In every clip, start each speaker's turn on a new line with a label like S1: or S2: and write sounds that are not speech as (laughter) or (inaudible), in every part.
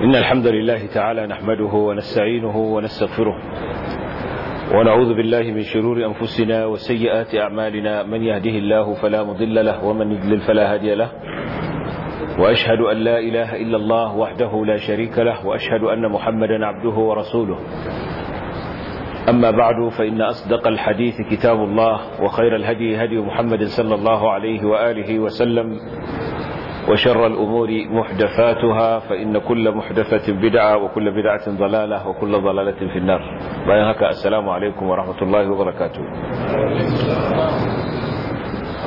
S1: إن الحمد لله تعالى نحمده ونستعينه ونستغفره ونعوذ بالله من شرور أنفسنا وسيئات أعمالنا من يهده الله فلا مضل له ومن يضلل فلا هادي له وأشهد أن لا إله إلا الله وحده لا شريك له وأشهد أن محمدا عبده ورسوله أما بعد فإن أصدق الحديث كتاب الله وخير الهدي هدي محمد صلى الله عليه وآله وسلم وشر الأمور محدثاتها فإن كل محدثة بدعة وكل بدعة ضلالة وكل ضلالة في النار بيانك السلام عليكم ورحمة الله وبركاته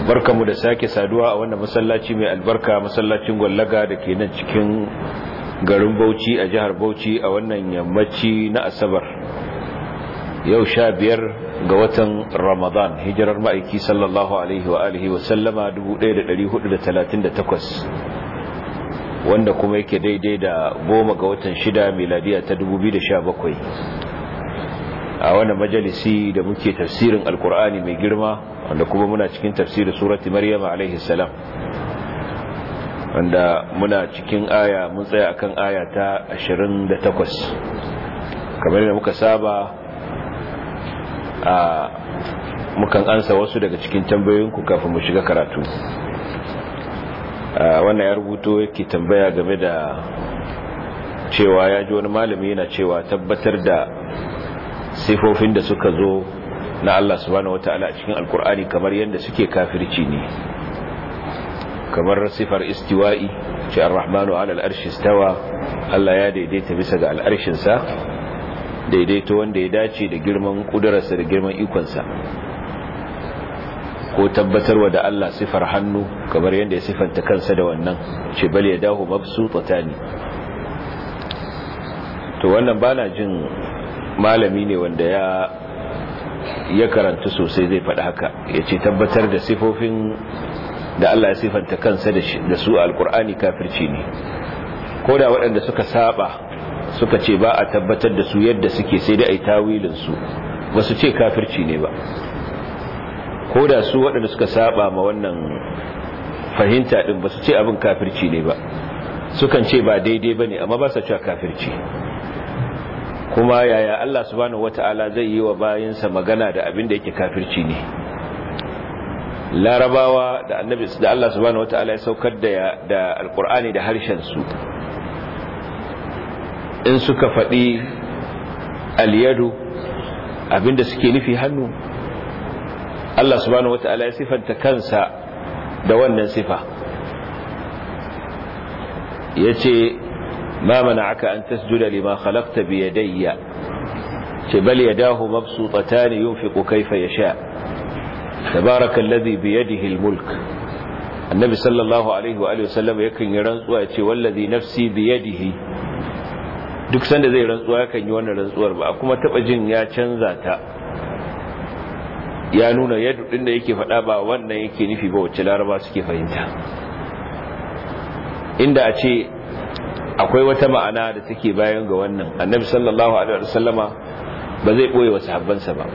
S1: barka mu da sake saduwa a wannan masallaci mai albarka masallacin gwallaga da ke nan cikin garin Bauchi a jihar Bauchi a wannan yammaci na Asabar yau sha biyar ga watan Ramadan hijirar ma'aiki sallallahu alaihi wa alihi wa sallama 1438 wanda kuma yake daidai da goma ga watan shida miladiya ta 2017 a wani majalisi da muke tafsirin alkur'ani mai girma wanda kuma muna cikin tafsirin surati maryama alaihi salam wanda muna cikin aya mun tsaya akan aya ta 28 kamar da muka saba mukan ansa wasu daga cikin tambayoyinku kafin mu shiga karatu wannan ya rubuto yake tambaya game da cewa ya ji wani malami yana cewa tabbatar da sifofin da suka zo na Allah subhanahu wataala a cikin alkur'ani kamar yadda suke kafirci ne kamar sifar istiwa'i ce ar-rahmanu 'ala al-arshi istawa Allah ya daidaita bisa ga al-arshinsa daidaito wanda ya dace da girman kudararsa da girman ikonsa ko tabbatarwa da Allah sifar hannu kamar yadda ya sifanta kansa da wannan ce bal yadahu mabsutatani to wannan bana jin malami ne wanda ya ya karanta sosai zai faɗi haka ya ce tabbatar da sifofin da Allah ya sifanta kansa da su alkur'ani kafirci ne ko da waɗanda suka saba suka ce ba a tabbatar da su yadda suke sai da ai tawilin su ba su ce kafirci ne ba ko da su waɗanda suka saba ma wannan fahimta ɗin ba su ce abin kafirci ne ba sukan ce ba daidai ba ne amma ba sa cewa kafirci kuma yaya Allah subhanahu wata'ala zai yi wa bayansa magana da abin da yake kafirci ne larabawa da annabi da Allah subhanahu wata'ala ya saukar da da alqur'ani da harshen su in suka faɗi aliyadu abinda suke nufi hannu Allah subhanahu wata'ala ya sifanta kansa da wannan sifa ya ce ma mana aka an tasjuda lima khalaqta bi yadayya ce bal yadahu mabsutatan yunfiqu kayfa yasha tabaraka alladhi bi yadihi almulk annabi sallallahu alaihi wa alihi wasallam yakan yi rantsuwa ya ce wallazi nafsi bi yadihi duk sanda zai rantsuwa yakan yi wannan rantsuwar ba kuma taba jin ya canza ta ya nuna yadda din da yake faɗa ba wannan yake nufi ba wacce laraba suke fahimta inda a ce akwai wata ma'ana da take bayan ga wannan annabi sallallahu alaihi wasallama ba zai boye wa sahabbansa ba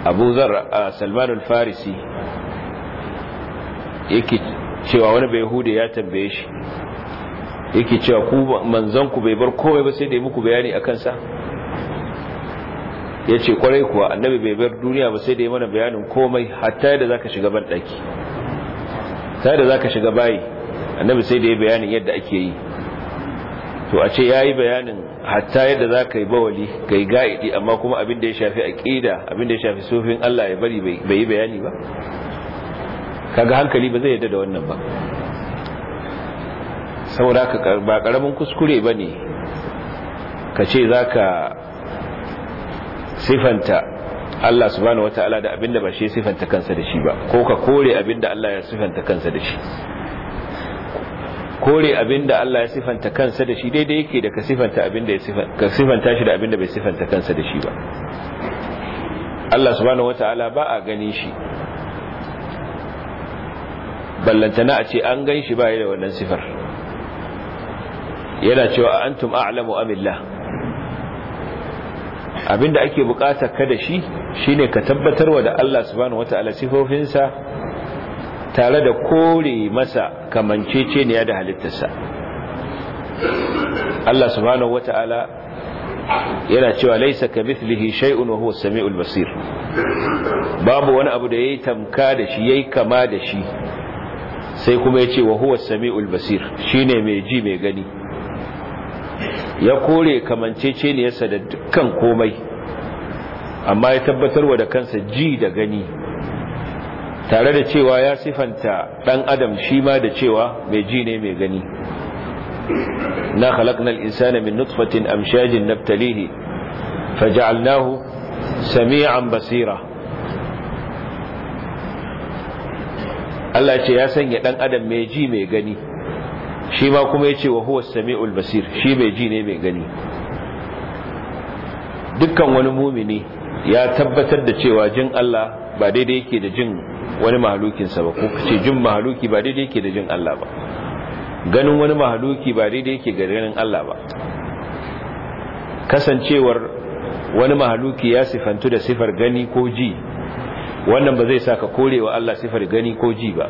S1: Abu Zar Salman al-Farisi yake cewa wani bai hude ya tambaye shi yake cewa ku manzon ku bai bar komai ba sai da muku bayani akan sa yace kwarai kuwa annabi bai bar duniya ba sai da yi mana bayanin komai hatta za zaka shiga ban daki sai da zaka shiga bayi annabi sai da yi bayanin yadda ake yi to a ce yayi bayanin hatta yadda zaka yi bawali kai gaidi amma kuma abin da ya shafi aqida abin da ya shafi sufin Allah ya bari bai yi bayani ba kaga hankali ba zai yadda da wannan ba saboda ba karamin kuskure ba ne ka ce za ka sifanta Allah subhanahu wa ta'ala da abinda ba shi sifanta kansa da shi ba ko ka kore abinda Allah ya sifanta kansa da shi kore abinda Allah ya sifanta kansa da shi daidai yake da ka sifanta abinda ya sifanta shi da abinda bai sifanta kansa da shi ba Allah subhanahu wataala ba a gani shi ballantana a ce an gan shi ba da wannan sifar yana cewa antum a'lamu amillah abinda ake bukata kada shi shine ka tabbatarwa da Allah subhanahu wataala sifofinsa tare da kore masa kamanceceniya da halittarsa Allah subhanahu wataala yana cewa laisa kamithlihi shay'un wa huwa as-sami'ul basir babu wani abu da yayi tamka da shi yayi kama da shi sai kuma yace wa huwa as-sami'ul basir shine mai ji mai gani ya kore yasa da dukkan komai amma ya tabbatarwa da kansa ji da gani tare da cewa ya sifanta dan adam shi ma da cewa mai ji ne mai gani na khalaqnal insana min nutfatin amshajin nabtalihi faja'alnahu sami'an basira Allah ce ya sanya dan adam mai ji mai gani shi ma kuma ya ce wa huwa samiul basir shi mai ji ne mai gani dukkan wani mumini ya tabbatar da cewa jin Allah ba daidai yake da jin wani mahalukinsa ba ko kace jin mahaluki ba daidai yake da jin Allah ba ganin wani mahaluki ba daidai yake ga ganin Allah ba kasancewar wani mahaluki ya sifantu da sifar gani ko ji wannan ba zai saka korewa Allah sifar gani ko ji ba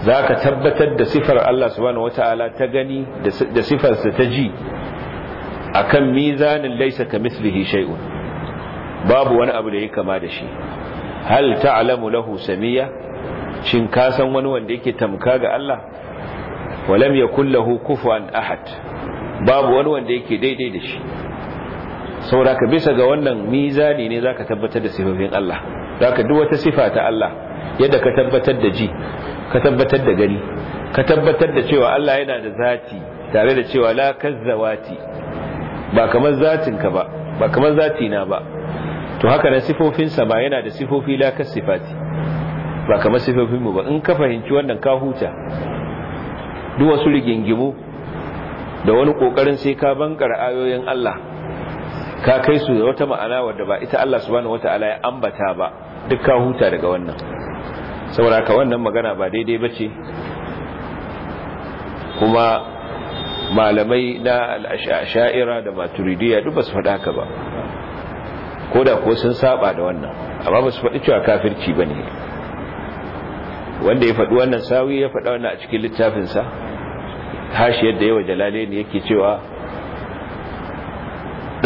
S1: za ka tabbatar da sifar Allah subhanahu ta'ala ta gani da sifarsa ta ji a kan mizanin laisa ka mislihi shay'un babu wani abu da ya kama da shi hal alamu lahu samiya shin kasan san wani wanda yake tamka ga Allah walam yakul lahu kufuwan ahad babu wani wanda yake daidai da shi saboda ka bisa ga wannan mizani ne za ka tabbatar da sifofin Allah za duk wata sifa ta Allah yadda ka tabbatar da ji ka tabbatar da gani ka tabbatar da cewa Allah yana da zati tare da cewa la kazzawati ba kamar zatinka ba ba kamar zatina ba to haka nan sa ba yana da sifofi la kasifati ba kamar sifofinmu ba in ka fahimci wannan ka huta duk wasu rigingimu da wani kokarin sai ka bankara ayoyin Allah ka kai su da wata ma'ana wadda ba ita Allah subhanahu wataala ya ambata ba duk ka huta daga wannan saboda haka wannan magana ba daidai ba ce kuma malamai na al'asha'ira da maturidiyya duk ba su faɗa haka ba ko da ko sun saba da wannan amma ba su faɗi cewa kafirci ba ne wanda ya faɗi wannan sawi ya faɗa wannan a cikin littafinsa hashi yadda yawa jalale ne yake cewa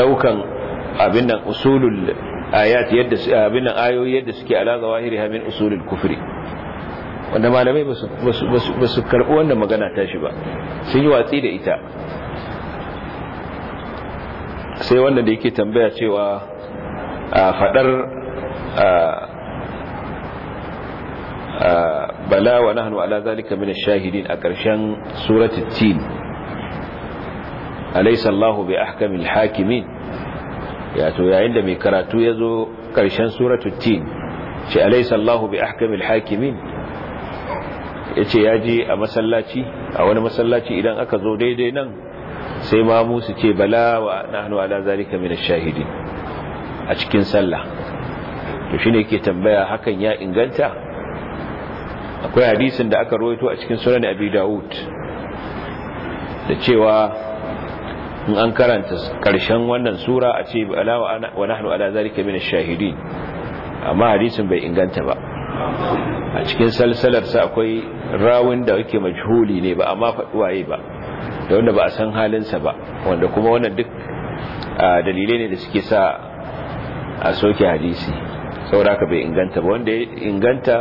S1: ɗaukan abin nan usulun ayat yadda abin nan ayoyi yadda suke ala zawahiriha min usulul kufri wanda malamai ba su karɓi magana ta shi ba sun yi watsi da ita sai wanda da yake tambaya cewa a faɗar bala wa nahnu ala zalika min ash-shahidin a ƙarshen suratul tin alaysa Allahu bi ahkamil hakimin yato yayin da mai karatu ya zo ƙarshen suratul tin ce alaisallahu bi ahkamil hakimin yace ce ya je a masallaci a wani masallaci idan aka zo daidai nan sai ma su ce bala wa nahnu ala zalika min ash-shahidin a cikin sallah to shine yake tambaya hakan ya inganta akwai hadisin da aka rawaito a cikin sunan abi daud da cewa in an karanta karshen wannan sura a ce ala wa nahnu ala zalika min ash-shahidin amma hadisin bai inganta ba a cikin salsalar sa akwai rawin da yake majhuli ne ba amma faduwaye ba da wanda ba a san halin sa ba wanda kuma wannan duk dalilai ne da suke sa a soke hadisi saboda ka bai inganta ba wanda ya inganta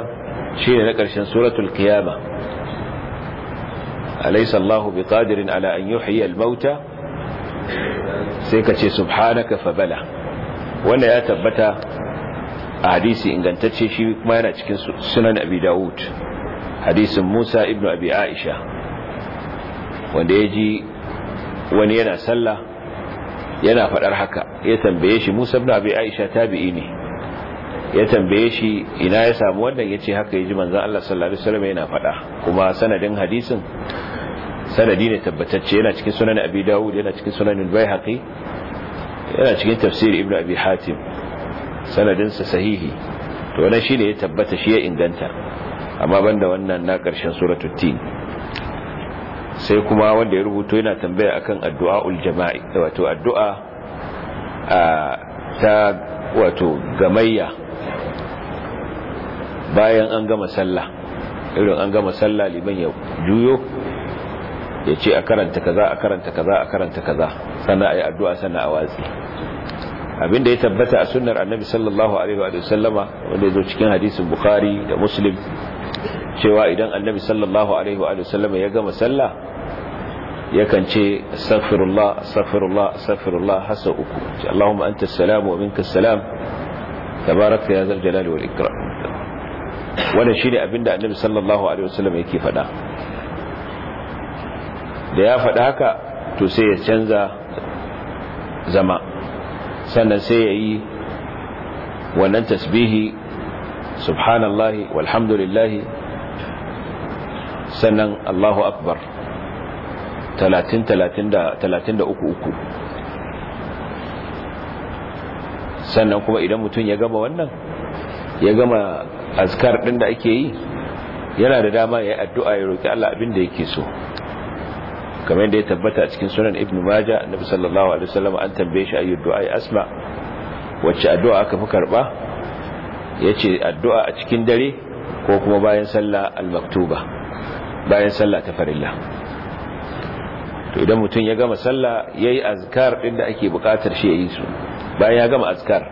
S1: shine na karshen suratul qiyamah alaysa Allahu biqadirin ala an yuhyiya al-mauta sai ka ce subhanaka fabala wanda ya tabbata a hadisi ingantacce shi kuma yana cikin sunan abi dawud hadisin musa ibn abi aisha wanda ya ji wani yana sallah yana faɗar haka ya tambaye shi musa ibn abi aisha tabi'i ne ya tambaye shi ina ya samu wannan ya ce haka ya ji manzan Allah sallallahu Alaihi wasallam yana faɗa kuma sanadin hadisin sanadi ne tabbatacce yana cikin sunan abi dawud yana cikin sunan al bayhaqi yana cikin tafsir ibnu abi hatim sanadinsa sahihi to wannan shine ya tabbata shi ya inganta amma banda wannan na karshen suratul tin sai kuma wanda ya rubuto yana tambaya akan addu'aul jama'i wato addu'a ta wato gamayya bayan an gama sallah irin an gama sallah liman ya juyo ya ce a karanta kaza a karanta kaza a karanta kaza sannan a yi addu'a sannan a watsi abinda ya tabbata a sunnar annabi sallallahu alaihi wa sallama wanda ya zo cikin hadisin bukhari da muslim cewa idan annabi sallallahu alaihi wa sallama ya gama sallah yakan ce astaghfirullah astaghfirullah astaghfirullah hasa uku ce allahumma anta salam wa minka salam tabarakta ya zal jalali wal ikram wannan shine abinda annabi sallallahu alaihi wa sallam yake faɗa da ya faɗi haka to sai ya canza zama sannan sai ya yi wannan tasbihi subhanallahi walhamdulillahi sannan Allahu akbar 30 33 sannan kuma idan mutum ya gama wannan ya gama azkar ɗin da ake yi yana da dama ya yi addu'a ya roƙi Allah abin da yake so kamar yadda ya tabbata a cikin sunan ibnu maja annabi sallallahu alaihi wasallam an tambaye shi ayyud du'a asma wacce addu'a aka fi karba yace addu'a a cikin dare ko kuma bayan sallah al-maktuba bayan sallah ta farilla to idan mutum ya gama sallah yayi azkar din da ake bukatar shi yayi su bayan ya gama azkar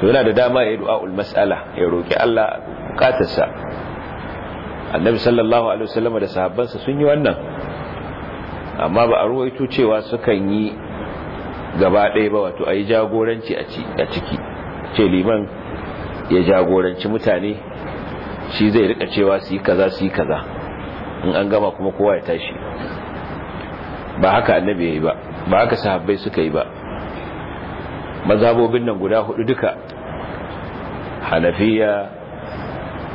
S1: to yana da dama yayi du'aul mas'ala ya roki Allah bukatarsa annabi sallallahu alaihi wasallam da sahabbansa sun yi wannan amma ba a ruwaito cewa sukan yi gaba ɗaya ba wato a yi jagoranci a ciki ce liman ya jagoranci mutane shi zai rika cewa su yi kaza su yi kaza in an gama kuma kowa ya tashi ba haka annabi ya yi ba ba haka sahabbai suka yi ba mazhabobin nan guda hudu duka hanafiya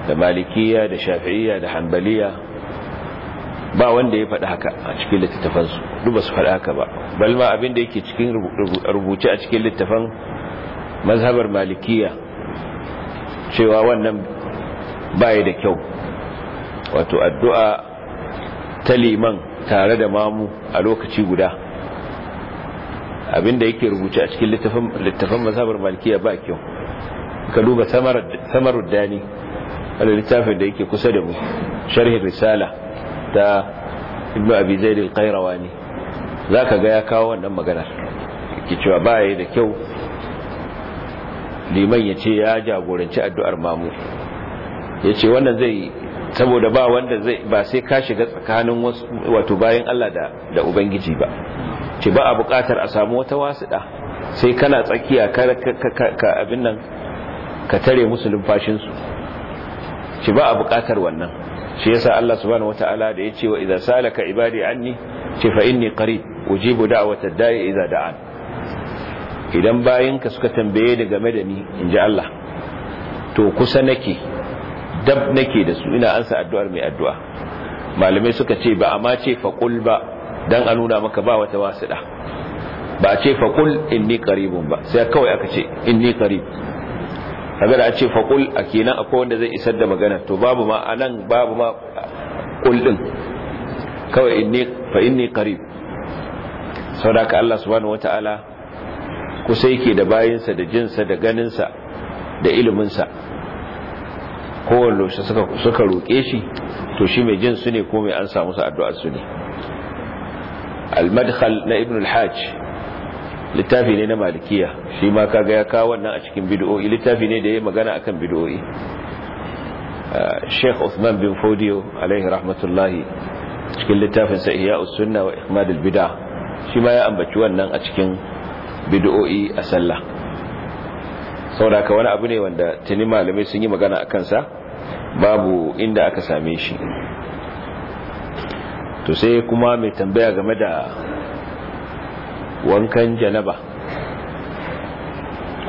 S1: da malikiya da shafi'iyya da hanbaliya ba wanda ya faɗi haka a cikin littattafansu duk ba su faɗi haka ba ma abin da yake cikin rubuce a cikin littafan mazhabar malikiya cewa wannan baya da kyau wato addu'a ta liman tare da mamu a lokaci guda abinda yake rubuce a cikin littafan mazhabar malikiya ba kyau ka duba samarud dani a littafin da yake kusa da mu sharhin risala ta ibnu abi zaid al-qayrawani zaka ga ya kawo wannan magana ki cewa baya da kyau liman ya ya jagoranci addu'ar mamu ya ce wannan zai saboda ba wanda zai ba sai ka shiga tsakanin wato bayan Allah da da ubangiji ba ce ba a buƙatar a samu wata wasuɗa sai kana tsakiya ka abin nan ka tare musu su ce ba a buƙatar wannan shi yasa Allah subhanahu wataala da yace wa idza salaka ibadi anni ce fa inni qarib ujibu da'watad da'i idza da'an idan bayinka suka tambaye ni game da ni inji Allah to kusa nake dab nake da su ina ansa addu'ar mai addu'a malamai suka ce ba amma ce fa qul ba dan a nuna maka ba wata wasiɗa ba ce fa qul inni qaribun ba sai kawai aka ce inni qarib kaga da a ce faqul a kenan akwai wanda zai isar da magana to babu ma anan babu ma qul din kawai inni fa inni qarib saboda Allah subhanahu wataala kusa yake da bayinsa da jinsa da ganinsa da iliminsa kowane lokaci suka roƙe shi to shi mai jin su ne ko mai an samu su addu'ar su ne al-madkhal na ibn al-hajj littafi ne na malikiya shi ma kaga ya kawo wannan a cikin bid'o'i littafi ne da ya magana akan bid'o'i ah, Sheikh Uthman bin Fodiyo alaihi rahmatullahi cikin littafin sa Ihya'us Sunna wa Ihmadul Bid'ah shi ma ya ambaci wannan a cikin bid'o'i a sallah saboda ka wani abu ne wanda tuni malamai sun yi magana akan sa babu inda aka same shi to sai kuma mai tambaya game da wankan janaba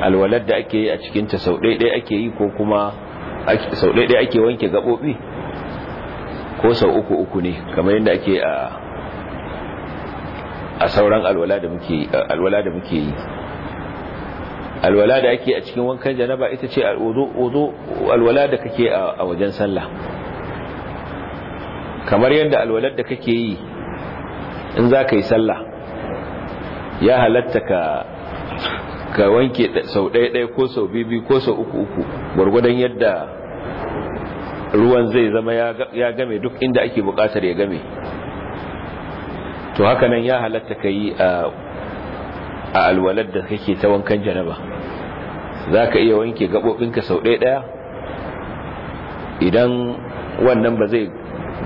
S1: alwalar da ake yi a cikinta sau ɗaiɗai ake yi ko kuma sau ɗaiɗai ake wanke gaɓoɓi ko sau uku uku ne kamar yadda ake a sauran alwala da muke yi alwala da ake a cikin wankan janaba ita ce alwala da kake a wajen sallah kamar yadda alwalar da kake yi in za ka yi sallah ya halatta ka ka wanke sau ɗaya ɗaya ko sau bibi ko sau uku uku gwargwadon yadda ruwan zai zama ya game duk inda ake buƙatar ya game to haka nan ya halatta ka yi a alwalar da kake ta wankan janaba za ka iya wanke gaɓoɓinka sau ɗaya ɗaya idan wannan ba zai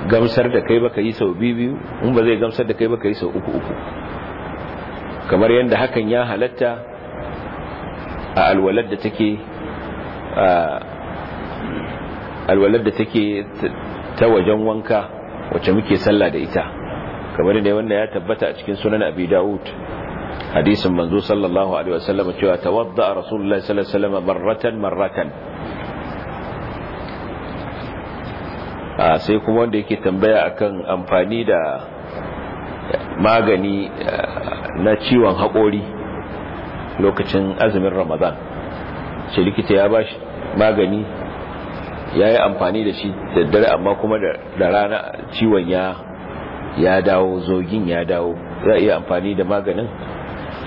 S1: gamsar da kai ba ka yi sau biyu in ba zai gamsar da kai ba ka yi sau uku uku kamar yadda hakan ya halatta a alwalar da take alwalar da take ta wajen wanka wacce muke sallah da ita kamar da wanda ya tabbata a cikin sunan abi daud hadisin manzo sallallahu alaihi wasallam cewa tawadda rasulullahi sallallahu alaihi wasallam marratan marratan a sai kuma wanda yake tambaya akan amfani da magani na ciwon haƙori lokacin azumin ramadan Shi likita ya ba shi magani ya yi amfani da shi da dare amma kuma da rana ciwon ya ya dawo zogin ya dawo za a iya amfani da maganin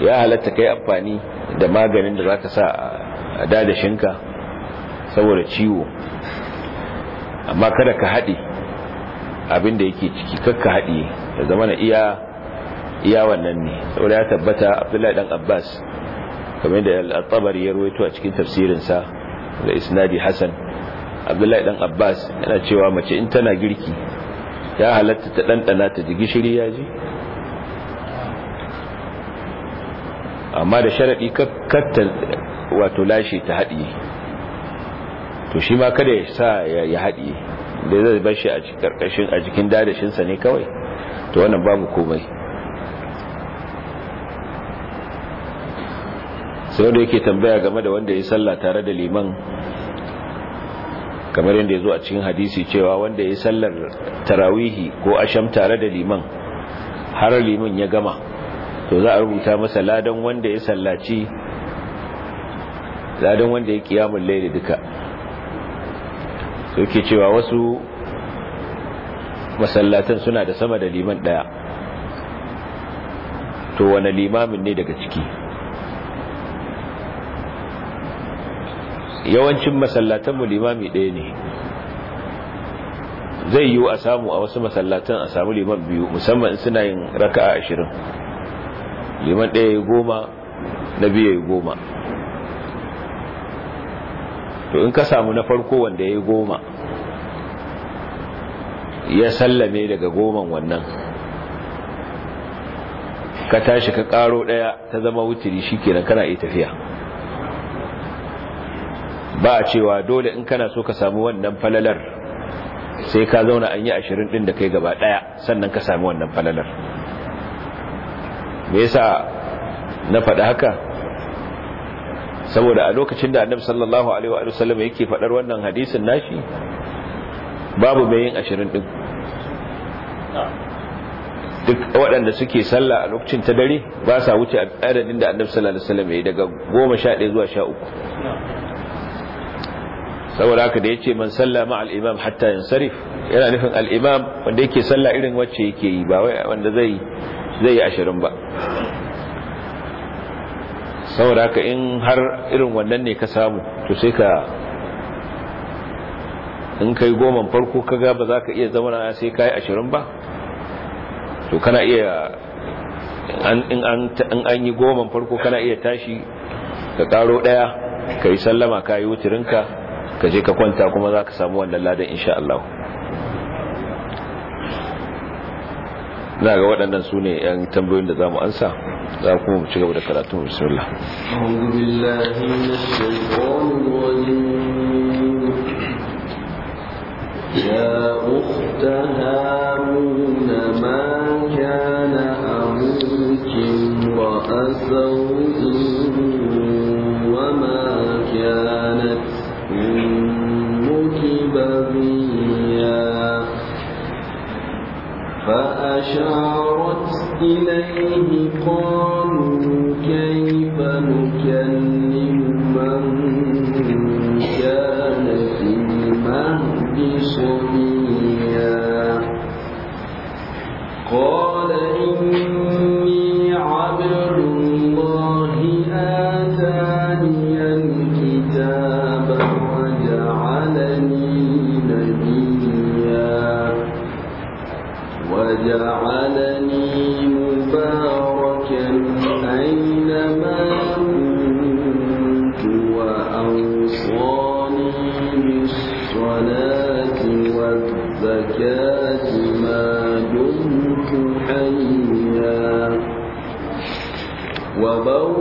S1: ya halatta kai amfani da maganin da za ka sa a dadashinka saboda ciwo amma kada ka haɗe abinda yake ciki kakka haɗe da zama na iya iya wannan ne saboda ya tabbata abdullahi dan abbas kamar da al-tabari ya rawaito a cikin tafsirin sa da isnadi hasan abdullahi dan abbas yana cewa mace in tana girki ya halatta ta dandana ta ji gishiri ya ji amma da sharadi kakkata wato lashe ta haɗiye to shi ma kada ya sa ya haɗiye da zai bar shi a karkashin a jikin dadashinsa ne kawai to wannan babu komai sai da yake tambaya game da wanda ya salla tare da liman kamar yadda ya zo a cikin hadisi cewa wanda ya sallar tarawihi ko asham tare da liman har liman ya gama to za a rubuta masa ladan wanda ya sallaci ladan wanda ya kiyamun laili duka ke cewa wasu masallatan suna da sama da liman daya to wani limamin ne daga ciki yawancin mu limami ɗaya ne zai yiwu a samu a wasu masallatan a samu liman biyu musamman suna yin raka'a ashirin liman ɗaya ya goma na biyu ya goma to in ka samu na farko wanda ya goma ya sallame daga goman wannan ka tashi ka karo ɗaya ta zama wuturi shi kenan kana iya tafiya ba a cewa dole in kana so ka samu wannan falalar sai ka zauna an yi ashirin ɗin da kai gaba ɗaya sannan ka sami wannan falalar me yasa na faɗi haka saboda a lokacin da annabi sallallahu alaihi wa sallam yake faɗar wannan hadisin nashi babu mai yin ashirin ɗin duk waɗanda suke sallah a lokacin ta dare ba sa wuce adadin da annabi sallallahu alaihi wa ya yayi daga sha ɗaya zuwa uku. saboda haka da yace man sallama al imam hatta yansarif yana nufin al imam wanda yake sallah irin wacce yake yi ba wai wanda zai zai yi ashirin ba saboda haka in har irin wannan ne ka samu to sai ka in kai goma farko kaga ba za ka iya zama na sai kai ashirin ba to kana iya in an yi goma farko kana iya tashi ka karo daya ka yi sallama ka yi wutirinka ka je ka kwanta kuma za ka samu wannan ladan insha Allah na ga waɗannan su ne yan tambayoyin da za mu ansa za kuma mu ci gaba da karatu bismillah
S2: يا أخت هارون ما كان أبوك امرأ فأشارت إليه قالوا كيف نكلم وجعلني مباركا أينما كنت وأوصاني بالصلاة والزكاة ما دمت حيا وبوأ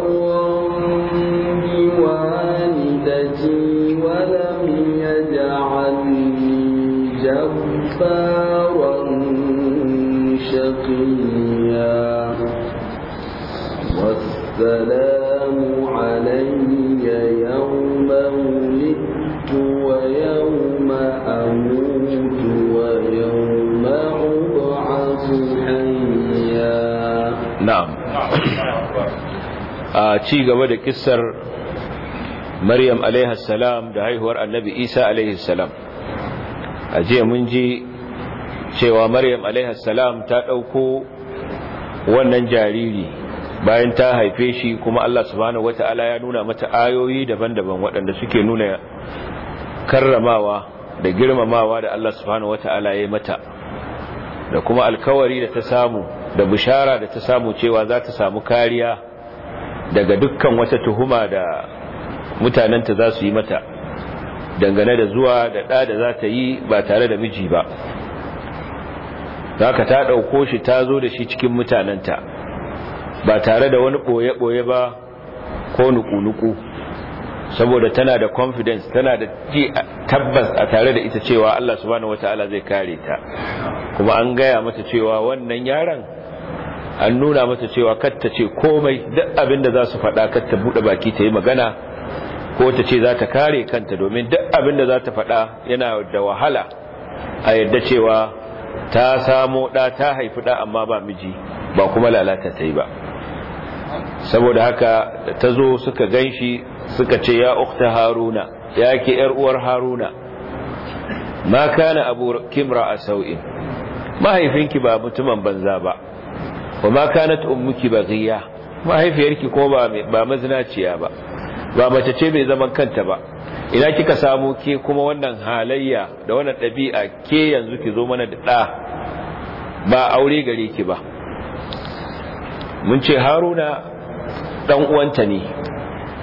S1: na'am a ci gaba da kissar maryam alaiha salam da haihuwar annabi isa alaihi salam a jiya mun ji cewa maryam alaiha salam ta ɗauko wannan jariri bayan ta haife shi kuma Allah subhanahu wata'ala ya nuna mata ayoyi daban-daban waɗanda suke nuna karramawa da girmamawa da Allah subhanahu wata'ala ya mata da kuma alkawari da ta samu da bishara da ta samu cewa za ta samu kariya daga dukkan wata tuhuma da mutanenta za su yi mata dangane da zuwa da ɗa da za ta yi ba tare da miji ba za ka ta ɗauko shi ta zo da shi cikin mutanenta ba tare da wani ɓoye-ɓoye ba ko nuku-nuku saboda tana da confidence tana da tabbas a tare da ita cewa Allah subhanahu wataala zai kare ta kuma an gaya mata cewa wannan yaron an nuna mata cewa katta ce komai duk abinda da za su faɗa katta buɗe baki ta yi magana ko ta ce za ta kare kanta domin duk abin da za ta faɗa yana da wahala a yadda cewa ta samo ɗa ta haifi ɗa amma ba miji ba kuma lalata ta yi ba saboda haka ta zo suka gan shi suka ce ya ukta haruna ya ke uwar haruna ma kana abu kimra a sau'in mahaifinki ba mutumin banza ba wa ma kanat ummuki baghiya mahaifiyarki ko ba ba mazinaciya ba ba mace ce mai zaman kanta ba ina kika samu ke kuma wannan halayya da wannan ɗabi'a ke yanzu ki zo mana da da ba aure gare ki ba mun ce haruna dan uwanta ne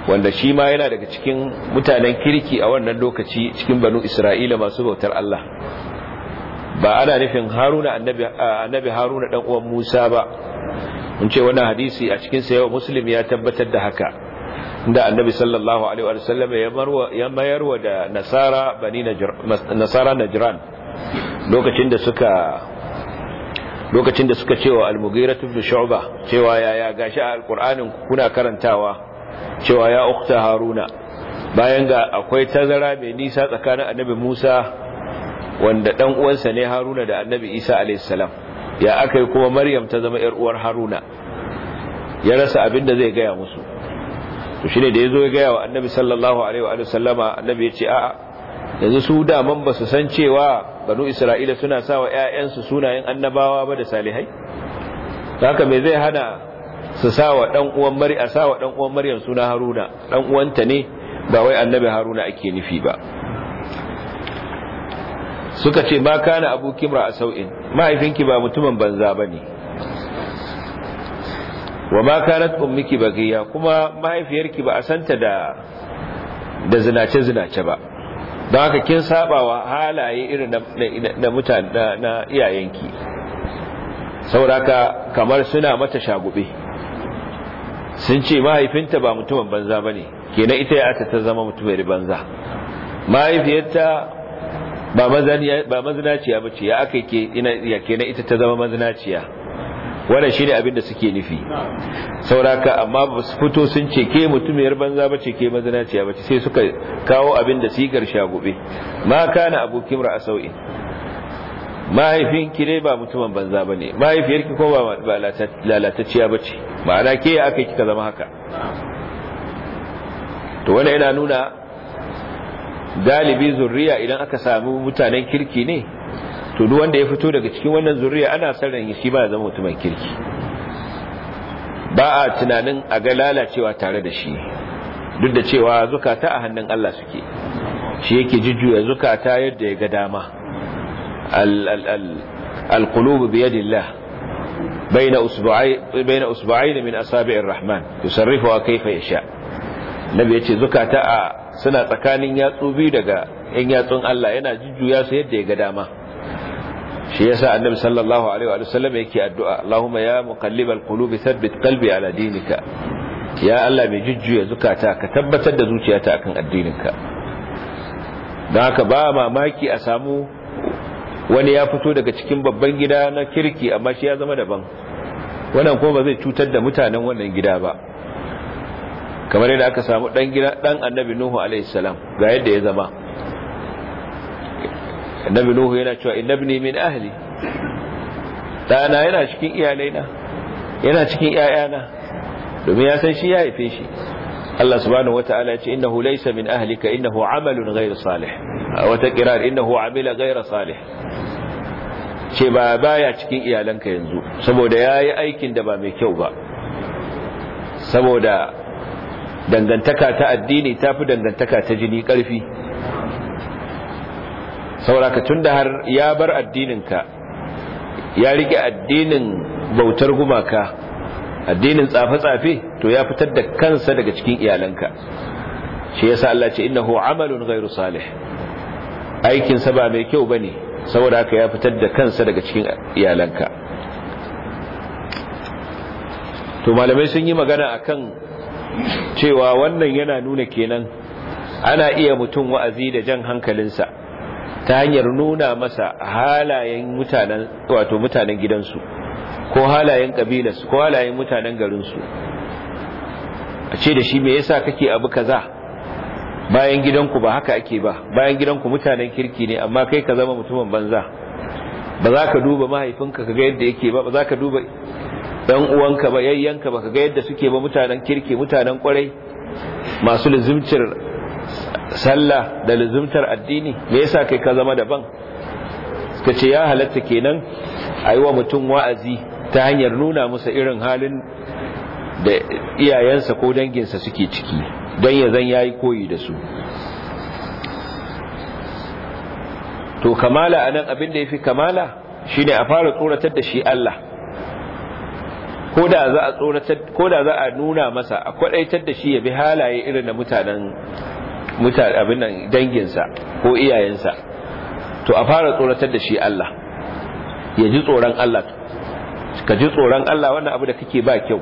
S1: wanda shi ma yana daga cikin mutanen kirki a wannan lokaci cikin banu isra'ila masu bautar Allah ba ana nufin haruna annabi haruna dan uwan musa ba mun ce wani hadisi a cikin sayawa muslim ya tabbatar da haka da annabi sallallahu alaihi wasallam ya mayarwa da nasara bani nasara najran lokacin da suka lokacin da suka cewa al-mughira ibn shu'ba cewa ya gashi a alqur'anin kuna karantawa cewa ya ukhta haruna bayan ga akwai tazara mai nisa tsakanin annabi musa wanda dan uwansa ne haruna da annabi isa alaihi salam ya aka yi kuma maryam ta zama uwar haruna ya rasa abin da zai gaya musu to shi ne da ya zo ya gaya wa annabi sallallahu alaihi wa sallama annabi ya ce a'a yanzu su daman ba su san cewa banu isra'ila suna sawa wa 'ya'yansu sunayen annabawa ba da salihai haka me zai hana su sa dan uwan mari a sa wa dan uwan maryam suna haruna dan uwanta ne ba wai annabi haruna ake nufi ba suka ce ma kana abu kimra a sau'in mahaifinki ba mutumin banza ba ne wa ma kanat ummiki bagiya kuma mahaifiyarki ba a santa da da zinace-zinace ba don haka kin sabawa halaye irin na mutane na iyayenki sauraka kamar suna mata shagube sun ce mahaifinta ba mutumin banza ba ne kenan ita ya ta zama mutumin banza mahaifiyarta ba mazinaciya ba ce ya aka ke na ita ta zama mazinaciya wannan shine abin da suke nufi sauraka amma ba su fito sun ce ke mutumiyar banza ba ce ke mazinaciya ba ce sai suka kawo abin da garsha gobe. ma kana abokin ra'a sau'in mahaifinki ne ba mutumin banza ba ne mahaifiyarki ko ba lalatacciya ba ce ma'ana ke ya aka kika zama haka to wannan yana nuna galibi zurriya idan aka samu mutanen kirki ne to duk wanda ya fito daga cikin wannan zurriya ana ran shi ba zama mutumin kirki ba a tunanin a ga lalacewa tare da shi duk da cewa zukata a hannun Allah suke shi yake jujjuya zukata yadda ya ga dama al-qulubu bi yadillah bayna usbu'ayn min asabi'ir rahman yusarrifuha kayfa yasha' nabi ya ce zukata a suna tsakanin yatsu biyu daga yan yatsun Allah yana jujjuya su yadda ya ga dama shi ya sa annabi sallallahu alaihi wa sallam yake addu'a Allahumma ya muqallibal qulubi thabbit qalbi ala dinika ya Allah mai jujjuya zukata ka tabbatar da zuciyata akan addininka don haka ba mamaki a samu wani ya fito daga cikin babban gida na kirki amma shi ya zama daban wannan kuma ba zai cutar da mutanen wannan gida ba kamar yadda aka samu dan gida dan annabi nuhu alayhi salam ga yadda ya zama annabi nuhu yana cewa innabni min ahli dana yana cikin iyalaina yana cikin iyayana domin ya san shi ya haife shi Allah subhanahu wataala ya ce innahu laysa min ahlika innahu amalun ghayr salih wata kirar innahu amila ghayr salih ce ba baya cikin iyalanka yanzu saboda yayi aikin da ba mai kyau ba saboda dangantaka ta addini ta fi dangantaka ta jini ƙarfi sauraka tun da har ya bar addininka ya rike addinin bautar gumaka addinin tsafe-tsafe to ya fitar da kansa daga cikin iyalanka shi yasa Allah ce innahu amalun ghairu salih aikin sa ba mai kyau bane saboda haka ya fitar da kansa daga cikin iyalanka to malamai sun yi magana akan cewa wannan yana nuna kenan ana iya mutum wa'azi da jan hankalinsa ta hanyar nuna masa halayen mutanen wato mutanen gidansu ko halayen kabilarsu ko halayen mutanen garinsu a ce da shi me yasa kake abu kaza bayan gidanku ba haka ake ba bayan gidanku mutanen kirki ne amma kai ka zama mutumin banza ba za ka duba mahaifinka ka ga yadda yake ba ba za ka duba dan uwanka ba yayyanka ka ga yadda suke ba mutanen kirki mutanen kwarai masu luzumtar sallah da luzumtar addini me yasa kai ka zama daban Kace ya halatta kenan a wa mutum wa'azi ta hanyar nuna masa irin halin da iyayensa ko danginsa suke ciki don ya zan yayi koyi da su to kamala a nan abin da fi kamala shine a fara tsoratar da shi Allah ko da za a tsoratar koda za a nuna masa a kwadaitar da shi ya bi halaye irin da mutanen mutane abin nan danginsa ko iyayensa to a fara tsoratar da shi Allah ya ji tsoron Allah ka ji tsoron Allah wannan abu da kake ba kyau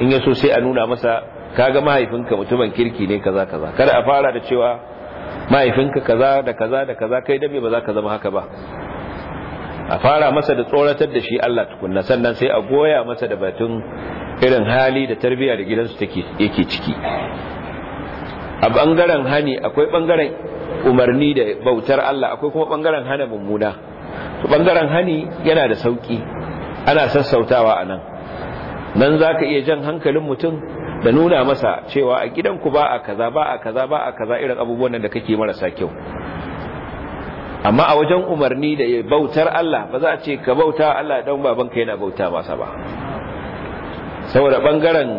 S1: in ya so sai a nuna masa kaga mahaifinka mutumin kirki ne kaza kaza kada a fara da cewa mahaifinka kaza da kaza da kaza kai dame ba za ka zama haka ba a fara masa da tsoratar da shi Allah tukunna sannan sai a goya masa da batun irin hali da tarbiyya da gidansu take yake ciki a bangaren hani akwai bangaren umarni da bautar Allah akwai kuma bangaren hana mummuna to bangaren hani yana da sauki ana sassautawa anan nan zaka iya jan hankalin mutum da nuna masa cewa a gidanku ba a kaza ba a kaza ba a kaza irin abubuwan da kake marasa kyau amma a wajen umarni da bautar Allah ba za a ce ka bauta Allah dan babanka yana bauta masa ba saboda bangaren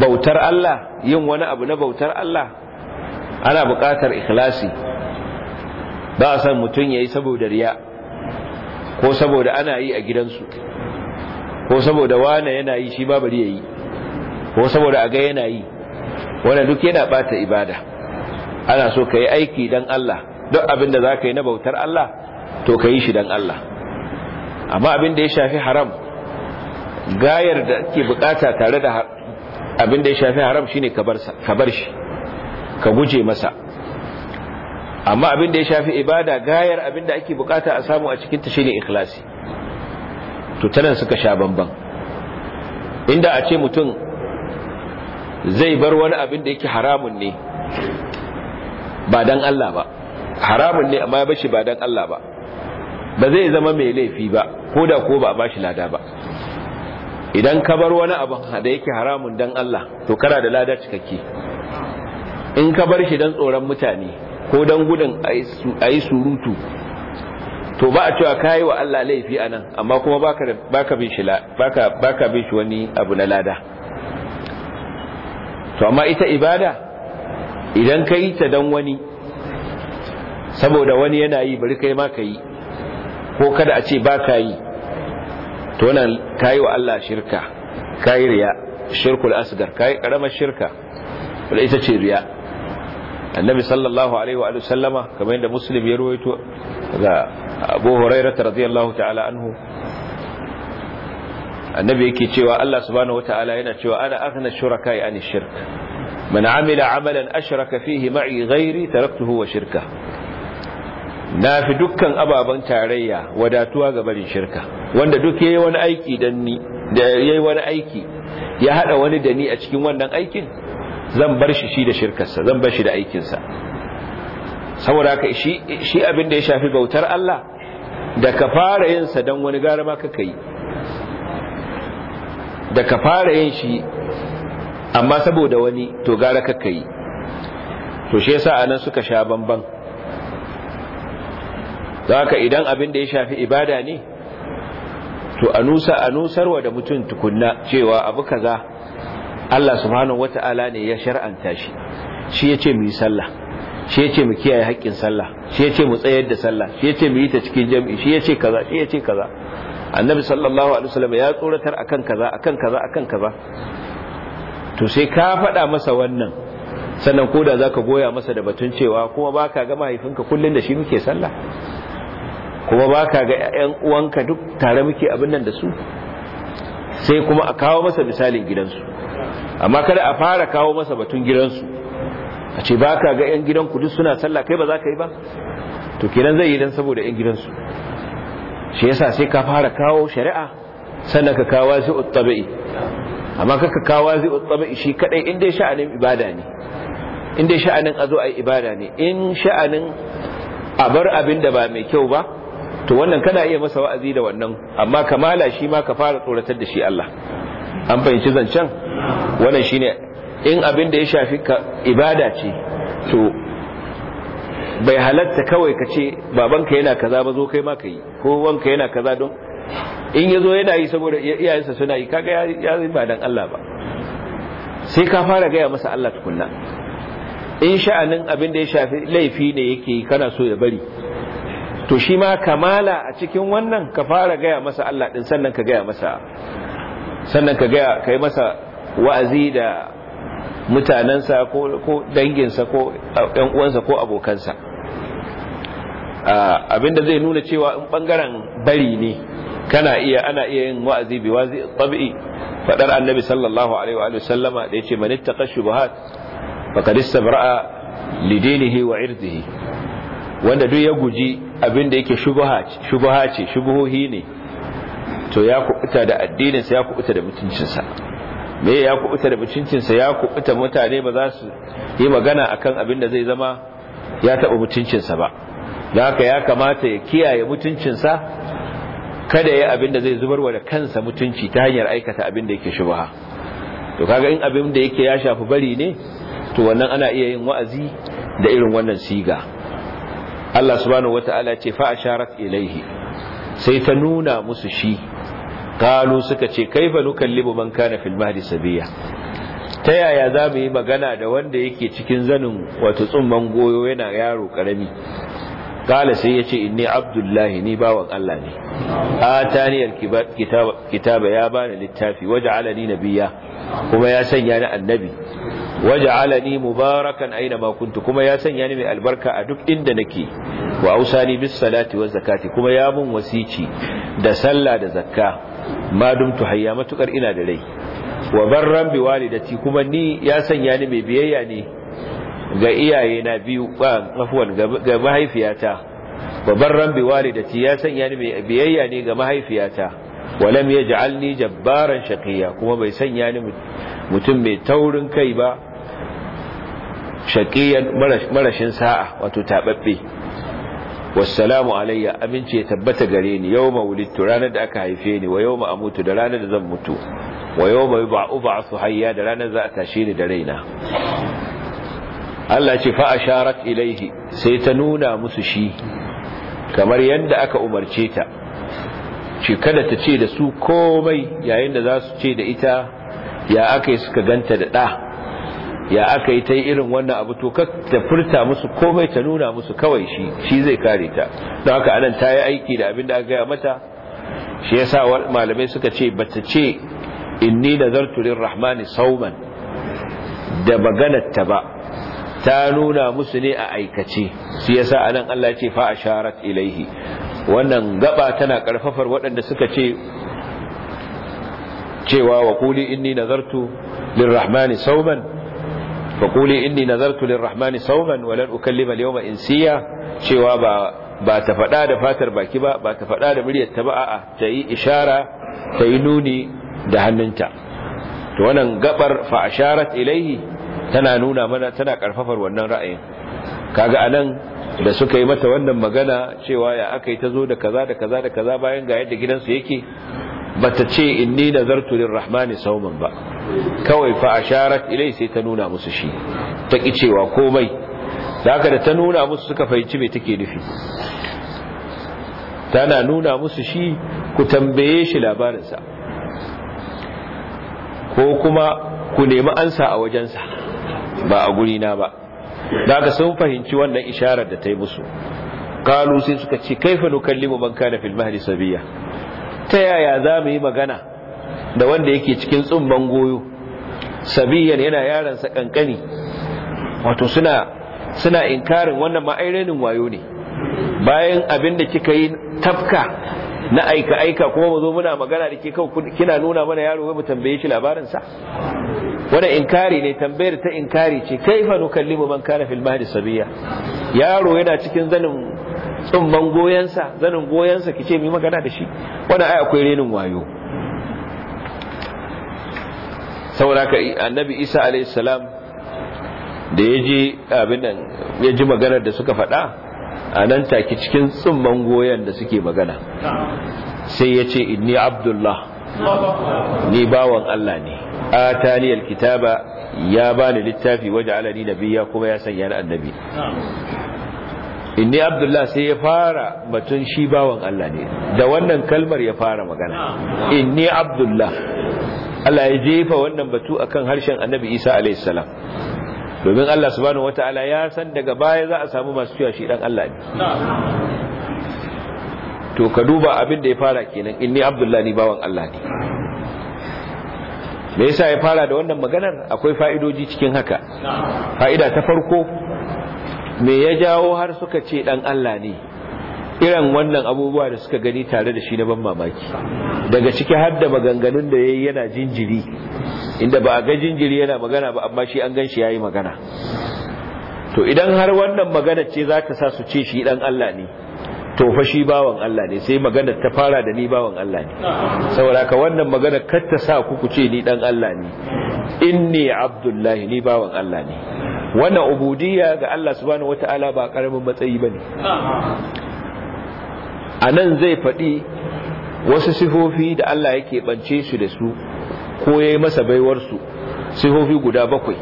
S1: bautar Allah yin wani abu na bautar Allah ana buƙatar ikhlasi ba a san mutum yi saboda riya ko saboda ana yi a gidansu ko saboda wane yana yi shi ba ya yi, ko saboda a ga yana yi wanda duk yana bata ibada ana so ka yi aiki don Allah duk abin da za ka yi na bautar Allah to ka yi shi don Allah amma abin da ya shafi haram gayar da ke bukata tare da abin da ya shafi haram shi ne ka bar shi ka guje masa amma abin da ya shafi ibada gayar abin da ake bukata a samu a cikinta ne ikhlasi to tanan suka sha bamban inda a ce mutum zai bar wani abin da yake haramun ne ba dan Allah ba haramun ne amma ya bashi ba dan Allah ba ba zai zama mai laifi ba ko da ko ba a bashi lada ba idan ka bar wani abu da yake haramun dan Allah to kana da lada cikakke in ka bar shi dan tsoron mutane ko dan gudun ayi surutu to ba a cewa kayi wa Allah laifi anan amma kuma baka baka bin shi wani abu na lada to amma ita ibada idan ka yi ta don wani saboda wani yana yi bari kai ma ka yi ko kada a ce ba ka yi to nan ka yi wa Allah shirka ka yi riya shirkul asgar ka yi ƙaramar shirka wadda ita ce riya annabi sallallahu alaihi wa sallama kamar yadda musulmi ya ruwaito ga abu hurairah radiyallahu ta'ala anhu annabi yake cewa Allah subhanahu ta'ala yana cewa ana aghna shuraka ani shirk من عمل عملا أشرك فيه معي غيري تركته wa shirka na fi dukkan ababen tarayya wadatuwa ga barin shirka wanda duk yayi wani aiki dan ni da yayi wani aiki ya a cikin wannan aikin zan bar shi shi da shirkarsa zan bar shi da aikinsa saboda haka shi shi abin da ya shafi bautar Allah da ka fara yin sa dan wani gara ma kaka yi da ka fara yin shi amma saboda wani to gara kakka yi to shi yasa anan suka sha bamban zaka idan abin da ya shafi ibada ne to anusa anusarwa da mutum tukunna cewa abu kaza Allah subhanahu wata'ala ne ya shar'anta shi shi yace mu yi sallah shi yace mu kiyaye haƙƙin sallah shi yace mu tsayar da sallah shi yace mu yi ta cikin jami'i shi yace kaza shi yace kaza annabi sallallahu alaihi wasallam ya tsoratar akan kaza akan kaza akan kaza to sai ka faɗa masa wannan sannan ko da za ka goya masa da batun cewa kuma ba ka ga mahaifinka kullum da shi muke sallah kuma ba ka ga 'yan uwanka duk tare muke abin nan da su sai kuma a kawo masa misalin gidansu amma kada a fara kawo masa batun gidansu a ce ba ka ga 'yan gidanku duk suna sallah kai ba za ka yi ba to kenan zai yi dan saboda 'yan gidansu shi yasa sai ka fara kawo shari'a sannan ka kawo wasu amma kaka kawa zai utsama shi kadai inda ya sha'anin ibada ne inda ya sha'anin azo ai ibada ne in sha'anin a bar abin da ba mai kyau ba to wannan kana iya masa wa'azi da wannan amma kamala shi ma ka fara tsoratar da shi Allah an fahimci zancen wannan shine in abin da ya shafi ibada ce to bai halatta kawai ka ce babanka yana kaza ba zo kai ma ka yi ko wanka yana kaza don in ya zo yana yi saboda iyayensa suna yi kaga ya yi ba dan Allah ba sai ka fara gaya masa Allah tukunna in sha'anin abin da ya shafi laifi ne yake kana so ya bari to shi ma kamala a cikin wannan ka fara gaya masa Allah din sannan ka gaya masa sannan ka gaya kai masa wa'azi da mutanensa ko danginsa ko ɗan uwansa ko abokansa abinda zai nuna cewa in bangaren bari ne kana iya ana iya yin wa'azi bi wazi tabi'i fadar annabi sallallahu alaihi wa sallama da yace man ittaqa shubuhat faqad istabra'a li dinihi wa irdihi wanda duk ya guji abin da yake shubuha shubuha ce shubuhohi ne to ya kubuta da addinin sa ya kubuta da mutuncin sa me ya kubuta da mutuncin sa ya kubuta mutane ba za su yi magana akan abin da zai zama ya taba mutuncin sa ba da haka ya kamata ya kiyaye mutuncin sa kada yayi abin da zai zubar wa da kansa mutunci ta hanyar aikata abin da yake shubha to kaga in abin da yake ya shafi bari ne to wannan ana iya yin wa'azi da irin wannan siga Allah subhanahu wataala ce fa asharat ilaihi sai ta nuna musu shi qalu suka ce kaifa nukallimu man kana fil mahdi sabiya ta yaya za mu yi magana da wanda yake cikin zanin wato tsumman goyo yana yaro karami kala sai ya ce inni abdullahi ni bawan Allah ne ataniyar kitaba ya bani littafi na nabiyya kuma ya sanya ni annabi alani mubarakan aina makuntu kuma ya sanya ni mai albarka a duk inda nake wa ausani bis salati waz zakati kuma ya mun wasici da sallah da zakka ma dumtu hayya matukar ina da rai wa barran bi walidati kuma ni ya sanya ni mai biyayya ne ga iyaye na biyu afwan ga mahaifiyata babban rambi walidati ya sanya ni mai biyayya ne ga mahaifiyata walam yaj'alni jabbaran shaqiya kuma bai sanya ni mutum mai taurin kai ba shaqiyan marashin sa'a wato tababbe wassalamu alayya aminci ya tabbata gare ni yau wulidtu ranar da aka haife ni wa yau amutu da ranar da zan mutu wa yau yawma yub'athu hayya da ranar za a tashi ni da raina Allah ce fa asharat ilaihi sai ta nuna musu shi kamar yadda aka umarce ta ce kada ta ce da su komai yayin da za su ce da ita ya aka yi suka ganta da ɗa ya aka yi ta yi irin wannan abu to ta furta musu komai ta nuna musu kawai shi shi zai kare ta don haka anan ta yi aiki da abin da aka gaya mata shi ya sa malamai suka ce ba ta ce inni nazartu rahmani sauman da ta ba ta nuna musu ne a aikace su yasa anan Allah ce fa asharat ilaihi wannan gaba tana karfafar waɗanda suka ce cewa wa quli inni nazartu lirrahmani sawman فقولي إني نذرت للرحمن صوما ولن أكلم اليوم ba ta faɗa da fatar baki ba ba ta faɗa da muryar ta ba'a ta yi ishara ta yi nuni da hannunta to wannan gabar fa asharat ilaihi tana nuna mana tana karfafar wannan ra'ayin kaga anan da suka yi mata wannan magana cewa ya aka ta zo da kaza da kaza da kaza bayan ga yadda gidansu yake bata ce inni nazartu lirrahmani sawman ba kawai fa asharat ilai sai ta nuna musu shi ta ki cewa komai zaka da ta nuna musu suka fahimci me take nufi tana nuna musu shi ku tambaye shi labarinsa ko kuma ku nemi ansa a wajensa ba a guri na ba daga sun fahimci wannan isharar da ta yi musu kalu sai suka ce kaifa nukallimu man kana fil mahdi sabiya ta yaya za mu yi magana da wanda yake cikin tsumban goyo sabiyan yana yaran sa kankani wato suna suna inkarin wannan ma ainihin wayo ne bayan abin da kika yi tafka na aika aika kuma mu zo muna magana da ke kina nuna mana yaro wai mu tambaye shi labarin sa wanda inkari ne tambayar ta inkari ce kaifa nukallimu man kana fil mahdi sabiya yaro yana cikin zanin tsumban goyensa zanin goyensa kice mi magana da shi Wani ai akwai renin wayo saboda ka annabi Isa alayhi salam da yaji abin nan yaji maganar da suka faɗa a nan take cikin tsumban goyen da suke magana sai ya ce inni abdullah ni bawan Allah ne atani alkitaba ya bani littafi waje alani nabiyya kuma ya sanya ni annabi inni abdullah sai ya fara batun shi bawan Allah ne da wannan kalmar ya fara magana inni abdullah Allah ya jefa wannan batu akan harshen annabi Isa alaihi salam domin Allah subhanahu wataala ya san daga baya za a samu masu cewa shi dan Allah ne to ka duba abin da ya fara kenan inni abdullah ni bawan Allah ne me yasa ya fara da wannan maganar akwai fa'idoji cikin haka fa'ida ta farko me ya jawo har suka ce dan Allah ne irin wannan abubuwa da suka gani tare da shi na ban mamaki daga ciki har da maganganun da yayi yana jinjiri inda ba a ga jinjiri yana magana ba amma shi an gan shi yayi magana to idan har wannan magana ce za ta sa su ce shi dan Allah ne to fa shi bawan Allah ne sai magana ta fara da ni bawan Allah ne saboda ka wannan magana kar ta sa ku ce ni dan Allah ne inni abdullahi ni bawan Allah ne wannan ubudiyya ga Allah subhanahu wataala ba karamin matsayi bane anan zai faɗi wasu sifofi da Allah yake bance su da su ko yayi masa baiwar su sifofi guda bakwai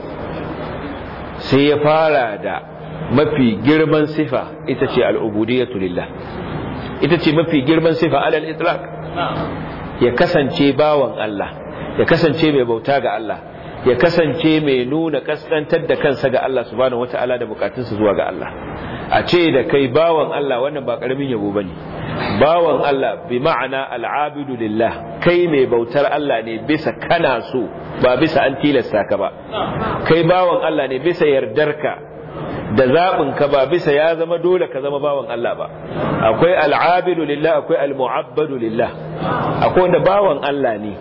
S1: sai ya fara da mafi girman sifa ita ce al'ubudiyatu lillah ita ce mafi girman sifa alal itlaq ya kasance bawan Allah ya kasance mai bauta ga Allah ya kasance mai nuna kaskantar da kansa ga Allah subhanahu wataala da bukatunsa zuwa ga Allah a ce da kai bawan Allah wannan ba karamin yabo ne. bawan Allah bi ma'ana al'abidu lillah kai mai bautar Allah ne bisa kana so ba bisa an tilasta ka ba kai bawan Allah ne bisa yardar ka. da zaɓin ka ba bisa ya zama dole ka zama bawan Allah ba akwai al'abidu lillah akwai al al-mu'abbadu lillah akwai wanda bawan Allah ne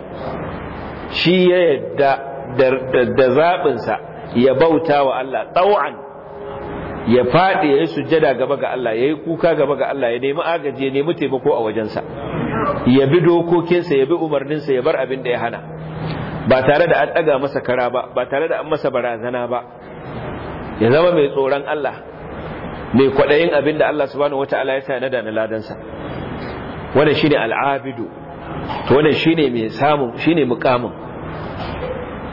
S1: shi ya yadda da zaɓinsa ya bauta wa Allah tsawon ya faɗi ya yi sujjada gaba ga Allah ya yi kuka gaba ga Allah ya nemi agaji ya nemi taimako a wajensa ya bi dokokinsa ya bi umarninsa ya bar abin da ya hana ba tare da an ɗaga masa kara ba ba tare da an masa barazana ba ya zama mai tsoron Allah mai kwaɗayin abin da Allah subhanahu wata'ala ya tanada na ladansa wannan shine al'abidu to wannan shine mai samu shine mukamin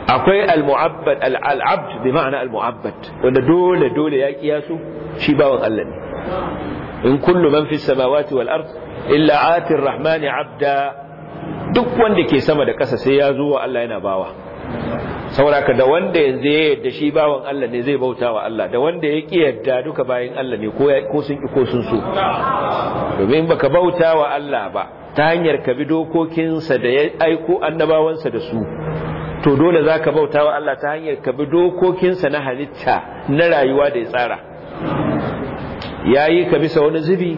S1: akwai al-mu'abbad al-abd bi ma'ana al-mu'abbad wanda dole dole ya kiyasu shi bawan Allah ne in kullu man fi samawati wal ard illa atir rahmani abda duk wanda ke sama da ƙasa sai ya zo wa Allah yana bawa saboda da wanda yanzu ya yarda shi bawan Allah ne zai bauta wa Allah da wanda ya ki yarda duka bayan Allah ne ko sun ki ko sun so domin baka bauta wa Allah ba ta hanyar ka bi dokokinsa da ya aiko annabawansa da su to dole za ka bauta wa Allah ta hanyar ka bi dokokinsa na halitta na rayuwa da ya tsara ya yi ka bisa wani zubi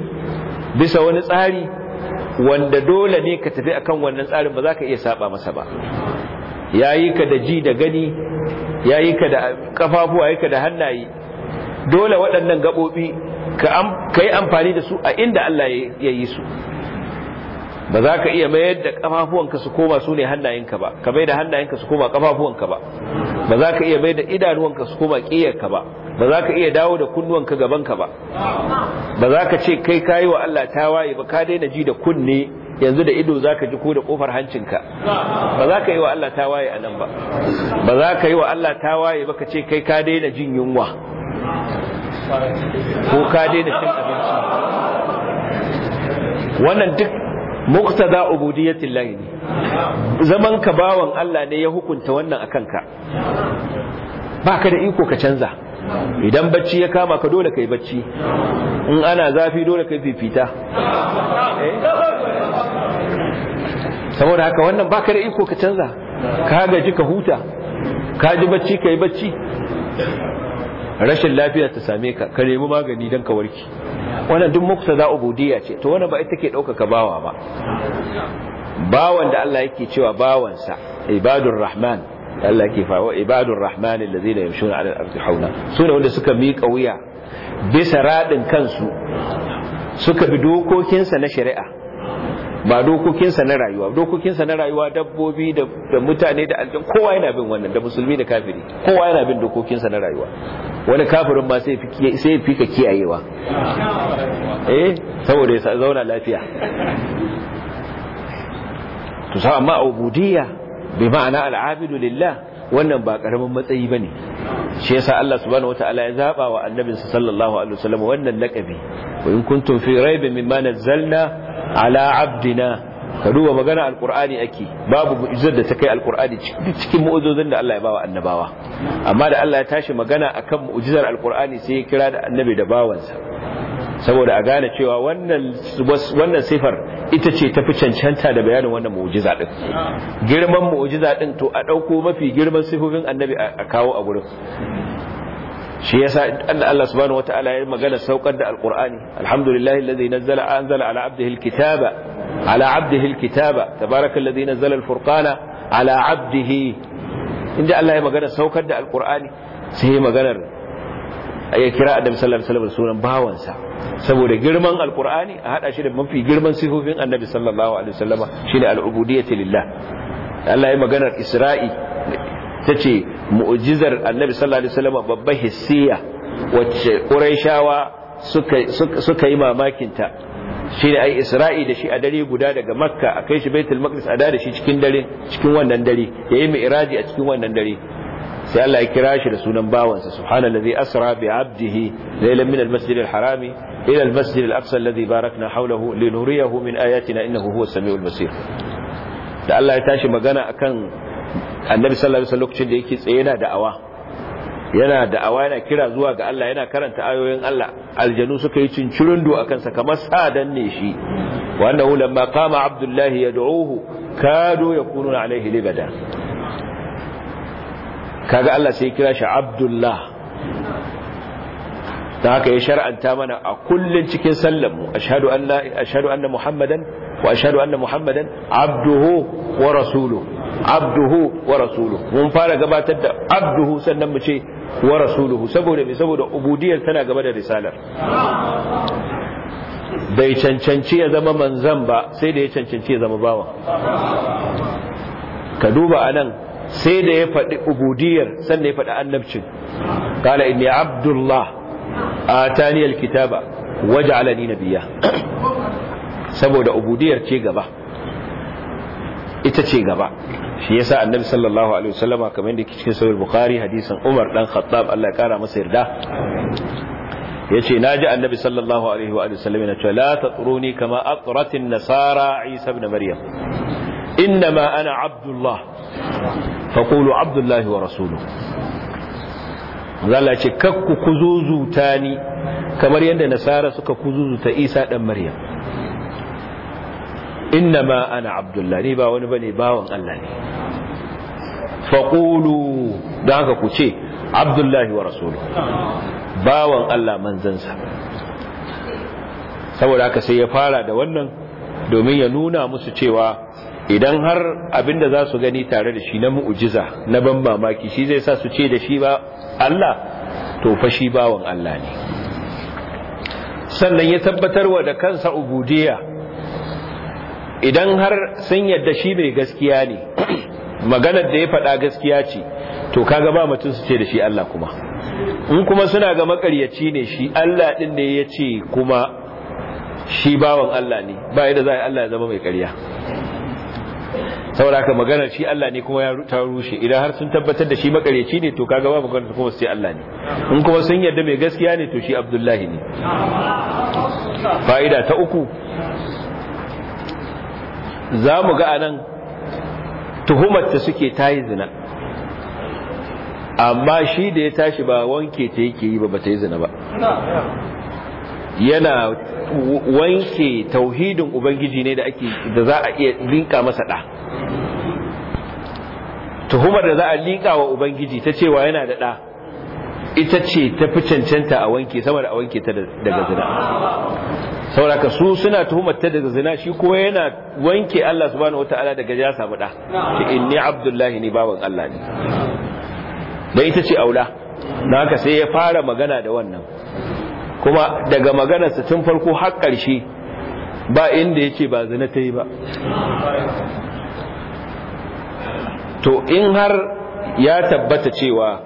S1: bisa wani tsari wanda dole ne ka tafi akan wannan tsarin ba za ka iya saba masa ba ya yi ka da ji da gani ya yi ka da kafafu ya yi ka da hannaye dole waɗannan gaɓoɓi ka yi amfani da su a inda Allah ya yi su ba za ka iya mayar da kafafuwanka su koma su ne hannayenka ba ka mai da hannayenka su koma kafafuwanka ba ba za ka iya mai da idanuwanka su koma ƙiyarka ba ba za ka iya dawo da kunnuwanka gabanka ba ba za ka ce kai kayi wa Allah tawaye ba ka daina ji da kunne yanzu da ido zaka ji ko da kofar hancinka ba za ka yi wa Allah tawaye a nan ba ba za ka yi wa Allah tawaye ba ka ce kai ka daina jin yunwa ko ka daina cin abinci wannan duk muqtada ubudiyatil lahi ne zaman ka bawan Allah ne ya hukunta wannan akan ka baka da iko ka canza idan bacci ya kama ka dole ka yi bacci in ana zafi dole ka yi fifita eh? saboda haka wannan baka da iko ka canza ka gaji ka huta ka ji bacci ka yi bacci rashin lafiya ta same ka ka nemi magani don ka warki wannan duk mukta za budiya ce to wannan ba ita ke ɗaukaka bawa ba bawan da Allah yake cewa bawansa ibadun rahman Allah ke fawo ibadur rahman allazina yamshuna ala al-ardi hauna sune wanda suka miƙa wuya bisa radin kansu suka bi dokokinsa na shari'a ba dokokinsa na rayuwa dokokinsa na rayuwa dabbobi da mutane da aljan kowa yana bin wannan da musulmi da kafiri kowa yana bin dokokinsa na rayuwa wani kafirin ma sai fi ka kiyayewa eh saboda ya zauna lafiya to amma ubudiyya Bai ma'ana al'abidu lillah wannan ba karamin matsayi ba ne. shi yasa Allah subhanahu wataala ya zaba wa annabinsa sallallahu alaihi wasallam wannan lakabi wa in kuntum fi raibin mimma nazzalna ala abdina ka magana alqur'ani ake babu mu'jizar da ta kai alqur'ani cikin mu'jizozin da Allah ya bawa annabawa amma da Allah ya tashi magana akan mu'jizar alqur'ani sai ya kira da annabi da bawansa saboda a gane cewa wannan sifar ita ce tafi cancanta da bayanin wannan mu'ujiza. din girman mu'ujiza din to a dauko mafi girman sifofin annabi a kawo a gurin shi yasa Allah subhanahu wataala ya magana saukar da alqur'ani alhamdulillahi alladhi nazzala anzala ala abdihi alkitaba ala abdihi alkitaba tabaraka alladhi nazzala alfurqana ala abdihi inda Allah ya magana saukar da alqur'ani sai maganar A yi kira adam sallallahu alaihi wasallam sunan bawansa saboda girman alqur'ani a hada shi da mafi girman sifofin annabi sallallahu alaihi wasallama shine al'ubudiyyati lillah Allah ya maganar Isra'i tace mu'jizar annabi sallallahu alaihi wasallama babbar hissiya wacce quraishawa suka suka yi mamakin ta shine ai Isra'i da shi a dare guda daga Makka a kai shi Baitul Maqdis a da shi cikin dare cikin wannan dare yayi mi'raji a cikin wannan dare sai Allah ya kira shi da sunan bawansa subhanallazi asra bi abdihi laylan min almasjid alharam ila almasjid alaqsa alladhi barakna hawlahu linuriyahu min ayatina innahu huwas samiul basir da Allah ya tashi magana akan annabi sallallahu alaihi wasallam lokacin da yake tsaye yana da'awa yana da'awa yana kira zuwa ga Allah yana karanta ayoyin Allah aljanu suka yi cincirundu akan sa kamar sadan ne shi wannan annahu lamma qama abdullahi yad'uhu kadu yakununa alaihi libada kaga Allah sai kira shi abdullah ta haka ya shar'anta mana a kullun cikin sallanmu ashhadu an la ashhadu anna muhammadan wa ashhadu anna muhammadan abduhu wa rasuluhu abduhu wa rasuluhu mun fara gabatar da abduhu sannan mu ce wa rasuluhu saboda me saboda ubudiyar tana gaba da risalar bai cancanci ya zama manzan ba sai da ya cancanci ya zama bawa ka duba anan sai da ya faɗi ubudiyar sannan ya faɗi annabcin kala inni abdullah a taniyar kitaba waje alani na biya saboda ubudiyar ce gaba ita ce gaba shi yasa annabi sallallahu alaihi wasallama kamar yadda cikin sahih bukhari hadisin umar dan khattab Allah ya kara masa yarda yace naji annabi sallallahu alaihi wa sallam yana cewa la tatruni kama atratin nasara isa ibn maryam إنما أنا عبد الله فقولوا عبد الله ورسوله zala ce kakku kuzuzuta ni kamar yadda nasara suka kuzuzuta isa dan maryam inna ma ana Abdullahi. ni ba wani bane bawan allah ne faqulu da haka ku ce abdullahi wa rasuluhu bawan allah manzansa saboda haka sai ya fara da wannan domin ya nuna musu cewa idan har abin da za su gani tare da shi na mu'ujiza na ban mamaki shi zai sa su ce da shi ba Allah to fa shi bawan Allah ne sannan ya tabbatarwa da kansa ubudiyya idan har sun yadda shi mai gaskiya ne (clears throat) maganar da ya faɗa gaskiya ce to kaga ba mutum su ce da shi Allah kuma in kuma suna ga makaryaci ne shi Allah din ne ya ce kuma shi bawan Allah ne ba yadda za a yi Allah ya zama mai karya. saboda haka maganar shi Allah ne kuma ya ta rushe idan har sun tabbatar da shi makareci ne to kaga ba maganar kuma sai Allah ne in kuma sun yarda mai gaskiya ne to shi Abdullahi ne fa'ida ta uku za mu ga anan tuhumar ta suke tayi zina amma shi da ya tashi ba wanke ta yake yi ba ba ta yi zina ba yana wanke tauhidin ubangiji ne da ake da za a iya linka masa da tuhumar da za a linka wa ubangiji ta cewa yana da da ita ce ta fi cancanta a wanke sama da a wanke ta daga zina sauraka su suna tuhumar ta daga zina shi ko yana wanke Allah subhanahu wataala daga ya samu da inni abdullahi ne bawan Allah ne da ita ce aula na haka sai ya fara magana da wannan kuma daga maganarsa tun farko har ƙarshe ba inda yake ba zina ta yi ba to in har ya tabbata cewa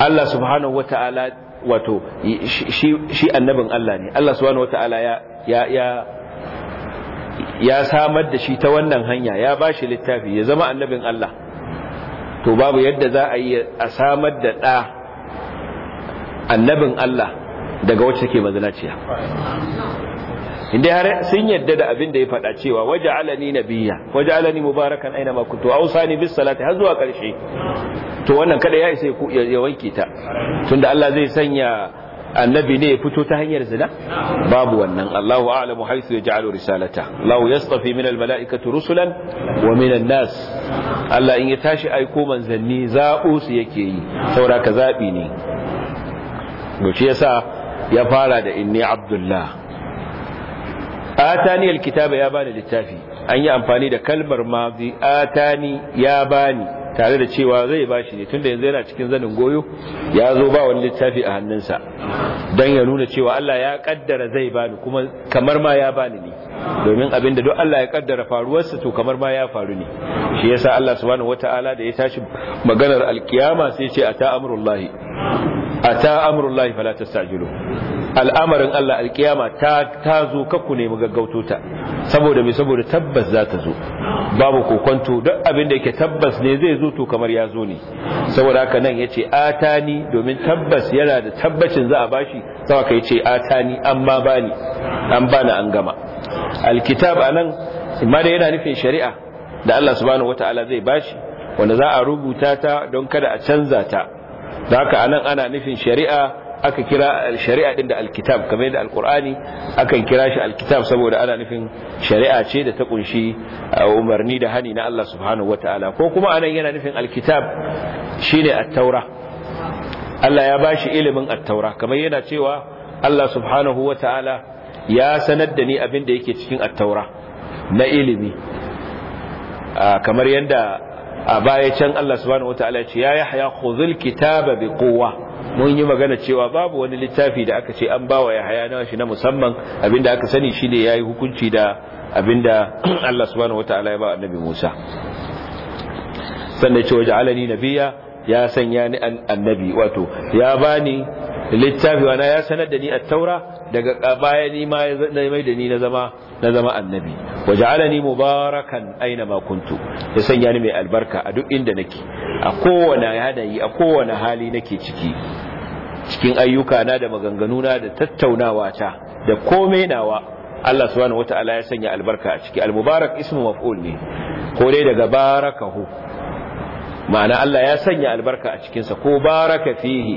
S1: Allah subhanahu wata'ala wato shi annabin Allah ne Allah subhanahu wata'ala ya ya ya ya samar da shi ta wannan hanya ya ba shi littafi ya zama annabin Allah to babu yadda za a yi a samar da ɗa annabin Allah daga wacce take mazinaciya inda har sun yadda da abin da ya faɗa cewa waje alani nabiya waje alani mubarakan aina ma kuntu ausani bis salati har zuwa ƙarshe to wannan kada ya isa ya wanke ta tunda Allah zai sanya annabi ne ya fito ta hanyar zina babu wannan Allahu a'lamu haythu yaj'alu risalata Allahu yastafi min almalaikati rusulan wa min an-nas. Allah in ya tashi aiko manzanni zabu su yake yi saboda ka zabi ne to ya yasa ya fara da inni abdullah atani alkitaba ya bani littafi an yi amfani da kalmar mazi atani ya bani tare da cewa zai ba shi ne tunda yanzu yana cikin zanin goyo ya zo ba wani littafi a hannunsa don ya nuna cewa Allah ya kaddara zai bani kuma kamar ma ya bani ne domin abin da duk Allah ya kaddara faruwarsa to kamar ma ya faru ne shi yasa Allah subhanahu wataala da ya tashi maganar alkiyama sai ce ata amrullahi ata amrullahi fala tastajilu al'amarin Allah alkiyama ta ta zo kakku nemi gaggauto ta saboda me saboda tabbas za ta zo babu kokonto duk abin da yake tabbas ne zai zo to kamar ya zo ne saboda haka nan yace atani domin tabbas yana da tabbacin za a bashi sai aka yace atani amma bani an bani an gama alkitab anan imma da yana nufin shari'a da Allah subhanahu wataala zai bashi wanda za a rubuta ta don kada a canza ta da haka anan ana nufin shari'a aka kira shari'a din da alkitab kamar yadda alqur'ani akan kira shi alkitab saboda ana nufin shari'a ce da ta kunshi umarni da hani na Allah subhanahu wataala ko kuma anan yana nufin alkitab shine at-taura Allah ya bashi ilimin at-taura kamar yana cewa Allah subhanahu wataala ya sanar da ni abin da yake cikin at-taura na ilimi kamar yadda a baya can Allah subhanahu wataala ya ce ya yahya khudhul kitaba biquwwa mun yi magana cewa babu wani littafi da aka ce an bawa Yahaya na shi na musamman abinda aka sani shi shine yayi hukunci da abinda (clears throat) Allah subhanahu wataala ya ba annabi Musa sannan ce cewa ja'alani nabiyya ya sanya ni annabi wato ya bani littafi wana ya sanar da ni at-taura daga baya ni ma ya mai da ni na zama na zama annabi alani mubarakan aina ma kuntu ya sanya ni mai albarka a duk inda nake a kowane yanayi a kowane hali nake ciki cikin ayyuka na da maganganu na da tattaunawa ta da komai nawa Allah subhanahu wataala ya sanya albarka a ciki al-mubarak ismu maf'ul ne ko dai daga barakahu ma'ana Allah ya sanya albarka a cikinsa ko baraka fihi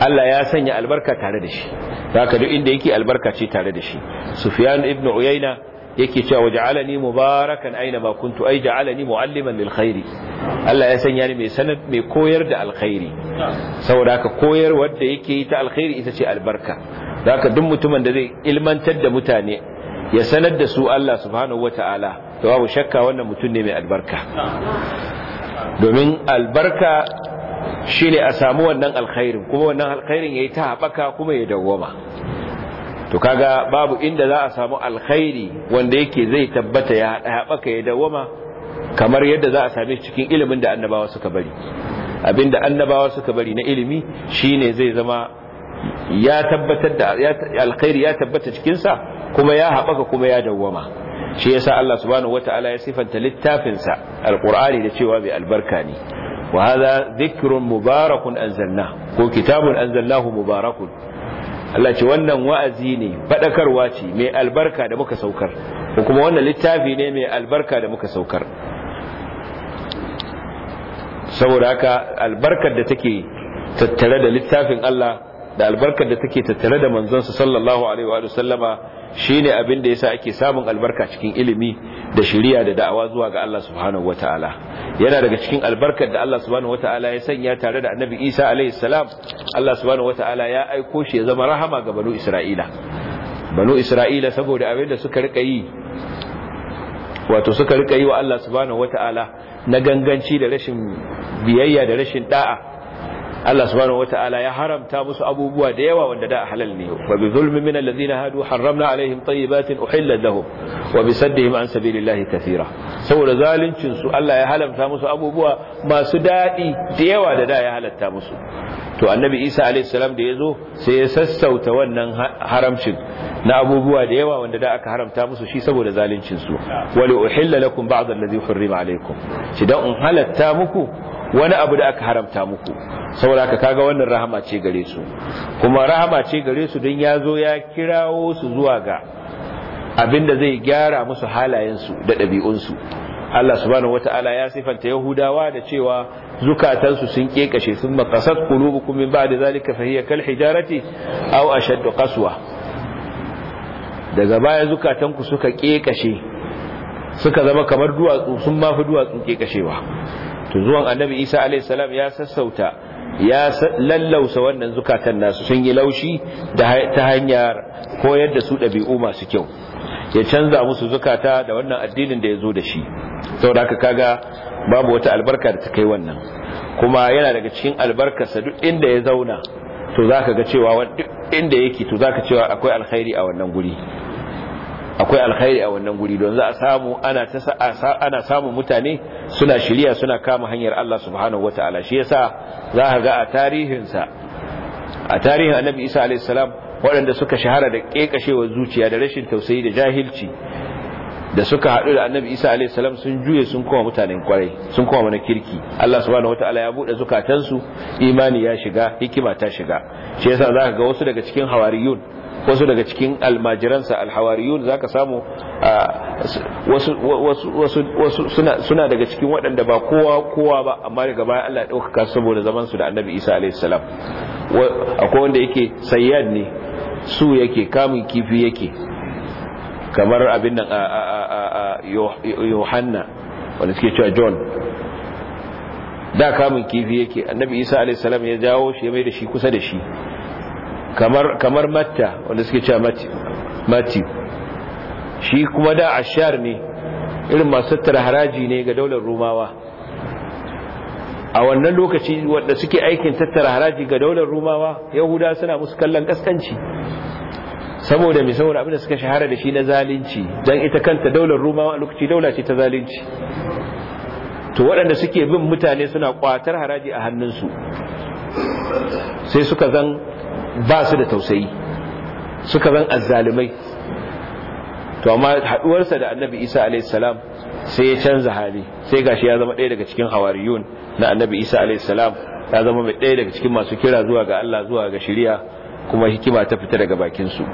S1: Allah ya sanya albarka tare da shi zaka duk inda yake albarka ce tare da shi Sufyan ibnu Uyayna yake cewa waj'alani mubarakan aina ma kuntu ai ja'alani mualliman lil khairi Allah ya sanya ni mai sanad mai koyar da alkhairi saboda haka koyar wanda yake yi ta alkhairi ita ce albarka haka duk mutumin da zai ilmantar da mutane ya sanar da su Allah subhanahu wataala to babu shakka wannan mutum ne mai albarka domin albarka shine a samu wannan alkhairin kuma wannan alkhairin yayi ta haɓaka kuma ya dawwama to kaga babu inda za a samu alkhairi wanda yake zai tabbata ya haɓaka ya dawama kamar yadda za a same cikin ilimin da annabawa suka bari abinda annabawa suka bari na ilimi shine zai zama ya tabbatar da alkhairi ya tabbata cikinsa kuma ya haɓaka kuma ya dawwama shi yasa Allah subhanahu wataala ya sifanta littafinsa alqur'ani da cewa bai albarka ne wa hadha dhikrun mubarakun anzalna ko kitabun anzalnahu mubarakun Allah ce wannan wa'azi ne faɗakarwa ce mai albarka da muka saukar ko kuma wannan littafi ne mai albarka da muka saukar saboda haka albarkar da take tattare da littafin Allah da albarkar da take tattare da manzonsa sallallahu alaihi wa sallama shine abin da yasa ake samun albarka cikin ilimi da shiriya da da'awa zuwa ga Allah subhanahu wataala yana daga cikin albarkar da Allah subhanahu wataala ya sanya tare da Annabi Isa alaihi salam Allah subhanahu wataala ya aiko shi ya zama rahama ga banu Isra'ila banu Isra'ila saboda abin da suka rika yi wato suka rika yi wa Allah subhanahu wataala na ganganci da rashin biyayya da rashin da'a Allah subhanahu wataala ya haramta musu abubuwa da yawa wanda da halal ne wa bi zulmin min alladhina hadu harramna alaihim tayyibatin uhillat lahum wa bi saddihim an sabilillahi kathira saboda zaluncinsu su Allah ya haramta musu abubuwa masu dadi da yawa da da ya halatta musu to annabi Isa alaihi salam da yazo sai ya sassauta wannan haramcin na abubuwa da yawa wanda da aka haramta musu shi saboda zaluncin su wali uhilla lakum ba'd alladhi hurrima alaikum shi dan in halatta muku wani abu da aka haramta muku saboda ka kaga wannan rahama ce gare su kuma rahama ce gare su don ya zo ya kirawo su zuwa ga abin da zai gyara musu halayensu da ɗabi'unsu Allah subhanahu wata'ala ya sifanta Yahudawa da cewa zukatansu sun kekashe sun makasat qulubukum min ba'di zalika fa hiya kal hijarati aw ashad qaswa daga baya zukatanku suka kekashe suka zama kamar duwatsu sun mafi duwatsun kekashewa to zuwan annabi isa a.s. ya sassauta ya lallausa wannan zukatan nasu sun yi laushi ta hanyar koyar da su ɗabi'u masu kyau ya canza musu zukata da wannan addinin da ya zo da shi saboda haka kaga babu wata albarka da ta kai wannan kuma yana daga cikin albarkarsa duk inda ya zauna to za ka ga cewa duk inda yake to za ka cewa akwai alkhairi a wannan guri akwai alkhairi a wannan guri don za a samu ana ta ana samu mutane suna shirya suna kama hanyar Allah subhanahu wataala shi yasa za ka ga a tarihin sa a tarihin Annabi Isa alayhi salam waɗanda suka shahara da kekashewar zuciya da rashin tausayi da jahilci da suka haɗu da Annabi Isa alayhi salam sun juye sun koma mutanen kwarai sun koma mana kirki Allah subhanahu wataala ya bude zukatansu imani ya shiga hikima ta shiga shi yasa za ka ga wasu daga cikin hawariyun wasu daga cikin almajiransa alhawariyun za ka samu wasu suna daga cikin waɗanda ba kowa kowa ba amma daga baya Allah ya ɗaukaka saboda zamansu da annabi isa a.s. akwai wanda yake sayyad ne su yake kamun kifi yake kamar abin nan a yohanna wanda suke cewa john da kamun kifi yake annabi isa a.s. ya jawo shi ya mai da shi kusa da shi kamar kamar matta wanda suke cewa mati shi kuma da ashar ne irin masu tattara haraji ne ga daular rumawa a wannan lokaci wanda suke aikin tattara haraji ga daular rumawa yahuda suna musu kallon kaskanci saboda mai saboda abinda suka shahara da shi na zalunci don ita kanta daular rumawa a lokaci daula ce ta zalunci to waɗanda suke bin mutane suna kwatar haraji a hannunsu sai suka zan ba su da tausayi suka zan azzalumai to amma haduwarsa da annabi isa salam sai ya canza hali sai gashi ya zama ɗaya daga cikin hawariyun na annabi isa salam. ya zama mai ɗaya daga cikin masu kira zuwa ga allah zuwa ga shari'a kuma hikima ta fita daga bakinsu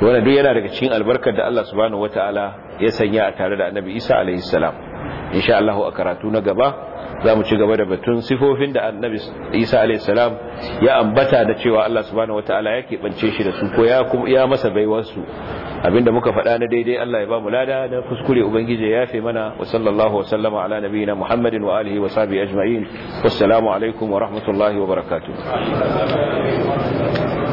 S1: to wannan duk yana daga cikin albarkar da allah subhanahu wataala ya sanya a tare da annabi isa salam insha allahu a karatu na gaba za mu ci gaba da batun sifofin da annabi isa alaihissalam ya ambata da cewa allah subhanahu wataala ya keɓance shi da su ko ya masa baiwarsu abinda muka faɗa na daidai allah ya ba mu lada na kuskure ubangiji ya yafe mana wa sallallahu wa sallama ala nabiyina muhammadin wa alihi wa sabi ajma'in wassalamu alaikum wa rahmatullahi wa barakatuh